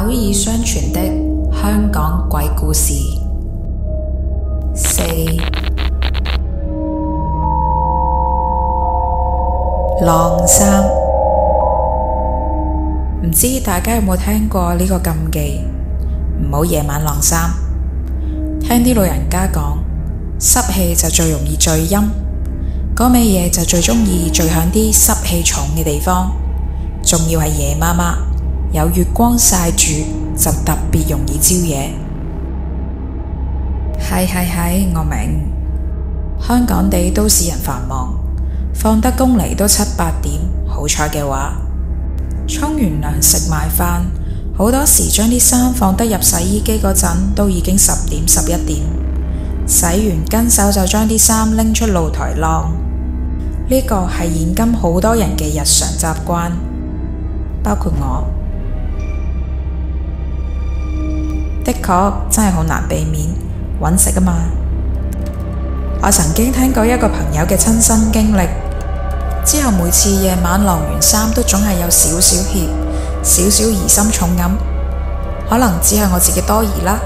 口耳相傳的香港鬼故事四。晾衫，唔知大家有冇聽過呢個禁忌？唔好夜晚晾衫。聽啲老人家講，濕氣就最容易聚陰，嗰味嘢，就最中意聚響啲濕氣重嘅地方，仲要係夜媽媽。有月光曬住就特別容易招惹。係係係，我明。香港地都市人繁忙，放得工嚟,都七八點。好彩嘅話，沖完涼食埋飯，好多時將啲衫放得入洗衣機嗰陣都已經十點十一點，洗完跟手就將啲衫拎出露台晾。呢個係現今好多人嘅日常習慣，包括我。的確，真係好難避免揾食啊嘛！我曾經聽過一個朋友嘅親身經歷，之後每次夜晚晾完衫都總係有少少怯，少少疑心重咁，可能只係我自己多疑啦。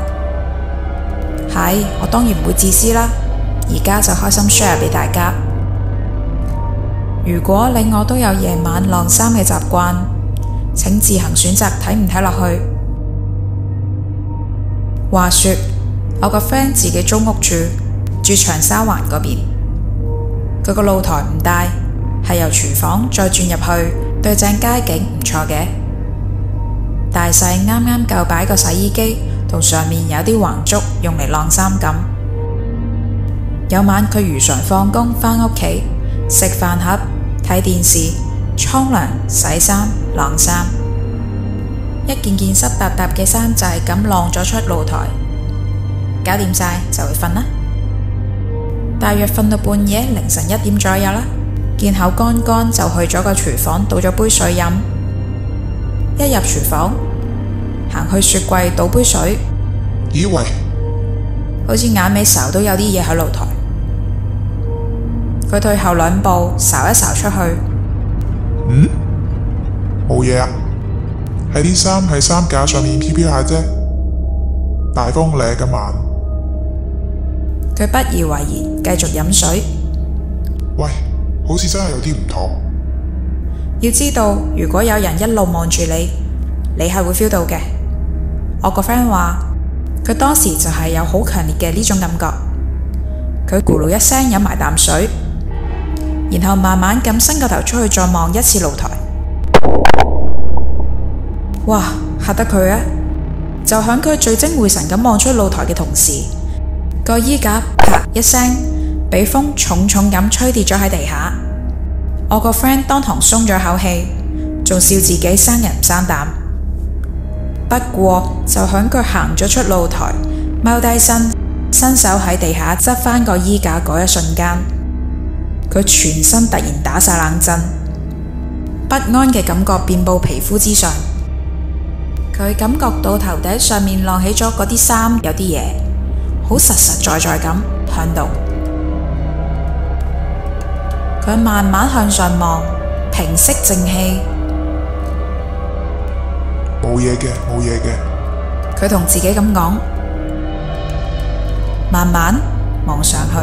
係，我當然唔會自私啦。而家就開心 share 俾大家。如果你我都有夜晚晾衫嘅習慣，請自行選擇睇唔睇落去。話說我個 friend 自己租屋住，住長沙灣嗰邊。佢個露台唔大，係由廚房再轉入去，對正街景唔錯嘅。大細啱啱夠擺個洗衣機，同上面有啲橫竹用嚟晾衫咁。有晚佢如常放工返屋企，食飯盒，睇電視，沖涼，洗衫，晾衫。一件件濕嗒嗒嘅衫就係咁晾咗出露台，搞掂晒就去瞓啦。大約瞓到半夜凌晨一點左右啦，見口乾乾就去咗個廚房倒咗杯水飲。一入廚房行去雪櫃倒杯水，咦喂，好似眼尾睄都有啲嘢喺露台。佢退後兩步睄一睄出去，嗯，冇嘢啊。喺啲衫喺衫架上面飄飄下啫，大風咧咁晚。佢不以為然，繼續飲水。喂，好似真係有啲唔妥。要知道，如果有人一路望住你，你係會 feel 到嘅。我個 friend 話，佢當時就係有好強烈嘅呢種感覺。佢咕嚕一聲飲埋啖水，然後慢慢咁伸個頭出去再望一次露台。哇！嚇得佢啊，就響佢聚精會神咁望出露台嘅同時，個衣架啪一聲俾風重重咁吹跌咗喺地下。我個 friend 當堂鬆咗口氣，仲笑自己生人唔生膽。不過就響佢行咗出露台，踎低身伸手喺地下執翻個衣架嗰一瞬間，佢全身突然打晒冷震，不安嘅感覺遍布皮膚之上。佢感覺到頭頂上面晾起咗嗰啲衫，有啲嘢，好實實在在咁響度。佢慢慢向上望，屏息靜氣，冇嘢嘅，冇嘢嘅。佢同自己咁講，慢慢望上去。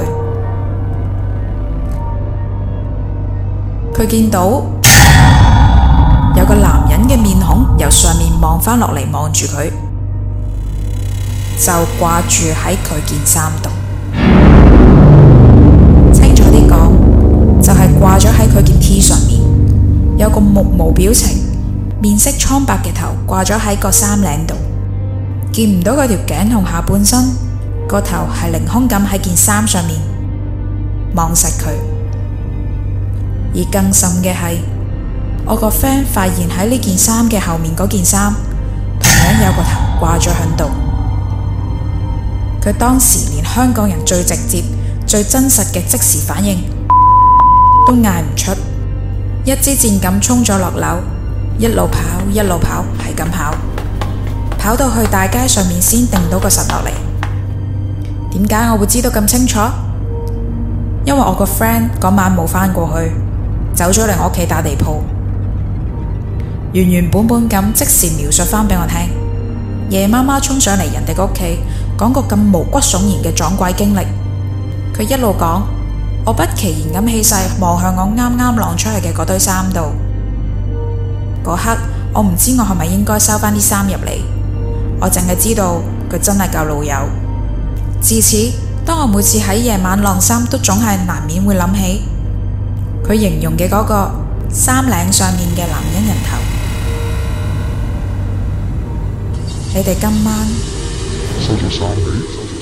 佢見到有個男嘅面孔由上面望返落嚟，望住佢，就掛住喺佢件衫度。 清楚啲講，就係掛咗喺佢件 T 上面，有個目無表情、面色蒼白嘅頭掛咗喺個衫領度，見唔到個條頸同下半身，個頭係凌空咁喺件衫上面望實佢。而更甚嘅係。我個 friend 發現喺呢件衫嘅後面嗰件衫，同樣有個頭掛咗喺度。佢當時連香港人最直接、最真實嘅即時反應都嗌唔出，一支箭咁衝咗落樓，一路跑一路跑係咁跑,跑，跑到去大街上面先定到個神落嚟。點解我會知道咁清楚？因為我個 friend 嗰晚冇返過去，走咗嚟我屋企打地鋪。原原本本咁即時描述返畀我聽，夜媽媽沖上嚟，人哋屋企，講個咁毛骨悚然嘅撞鬼經歷。佢一路講，我不其然咁氣勢望向我啱啱晾出嚟嘅嗰堆衫度。嗰刻我唔知我係咪應該收返啲衫入嚟，我淨係知道佢真係夠老友。自此，當我每次喺夜晚晾衫，都總係難免會諗起佢形容嘅嗰個衫領上面嘅男人人頭。你哋今晚收咗衫未？